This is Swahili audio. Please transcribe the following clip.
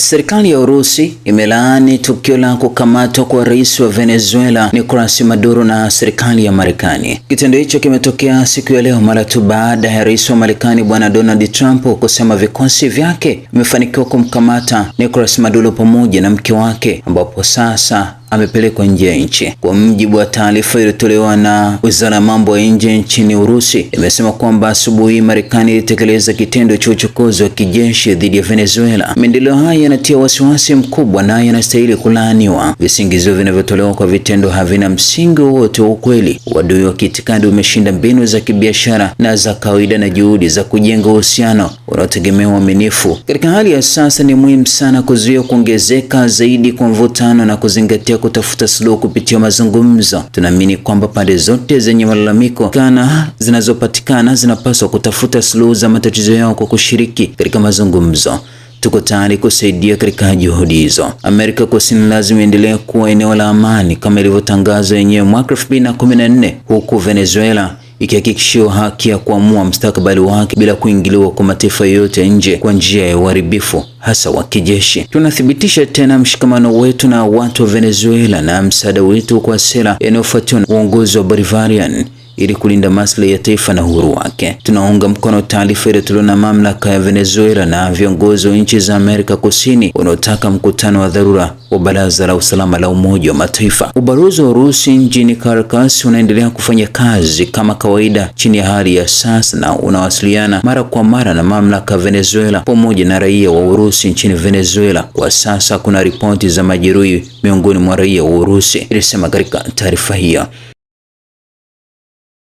Serikali ya Urusi imelaani tukio la kukamatwa kwa rais wa Venezuela Nicolas Maduro na serikali ya Marekani. Kitendo hicho kimetokea siku ya leo mara tu baada ya rais wa Marekani bwana Donald Trump kusema vikosi vyake vimefanikiwa kumkamata Nicolas Maduro pamoja na mke wake, ambapo sasa amepelekwa nje ya nchi. Kwa mjibu wa taarifa iliyotolewa na wizara ya mambo ya nje nchini Urusi, imesema kwamba asubuhi Marekani ilitekeleza kitendo cha uchokozi wa kijeshi dhidi ya Venezuela. Maendeleo haya yanatia wasiwasi mkubwa na yanastahili kulaaniwa. Visingizio vinavyotolewa kwa vitendo havina msingi wowote wa ukweli. Uadui wa kiitikadi umeshinda mbinu za kibiashara na za kawaida na juhudi za kujenga uhusiano unaotegemea uaminifu. Katika hali ya sasa, ni muhimu sana kuzuia kuongezeka zaidi kwa mvutano na kuzingatia kutafuta suluhu kupitia mazungumzo. Tunaamini kwamba pande zote zenye malalamiko kana zinazopatikana zinapaswa kutafuta suluhu za matatizo yao kwa kushiriki katika mazungumzo. Tuko tayari kusaidia katika juhudi hizo. Amerika Kusini lazima iendelee kuwa eneo la amani kama ilivyotangazwa yenyewe mwaka 2014 huku Venezuela ikihakikishiwa haki ya kuamua mstakabali wake bila kuingiliwa kwa mataifa yoyote nje kwa njia ya uharibifu hasa wa kijeshi. Tunathibitisha tena mshikamano wetu na watu wa Venezuela na msaada wetu kwa sera inayofuatiwa na uongozi wa Bolivarian ili kulinda maslahi ya taifa na uhuru wake. Tunaunga mkono taarifa iliyotolewa na mamlaka ya Venezuela na viongozi wa nchi za Amerika Kusini wanaotaka mkutano wa dharura wa Baraza la Usalama la Umoja wa Mataifa. Ubalozi wa Urusi nchini Caracas unaendelea kufanya kazi kama kawaida chini ya hali ya sasa na unawasiliana mara kwa mara na mamlaka ya Venezuela pamoja na raia wa Urusi nchini Venezuela. Kwa sasa kuna ripoti za majeruhi miongoni mwa raia wa Urusi, ilisema katika taarifa hiyo.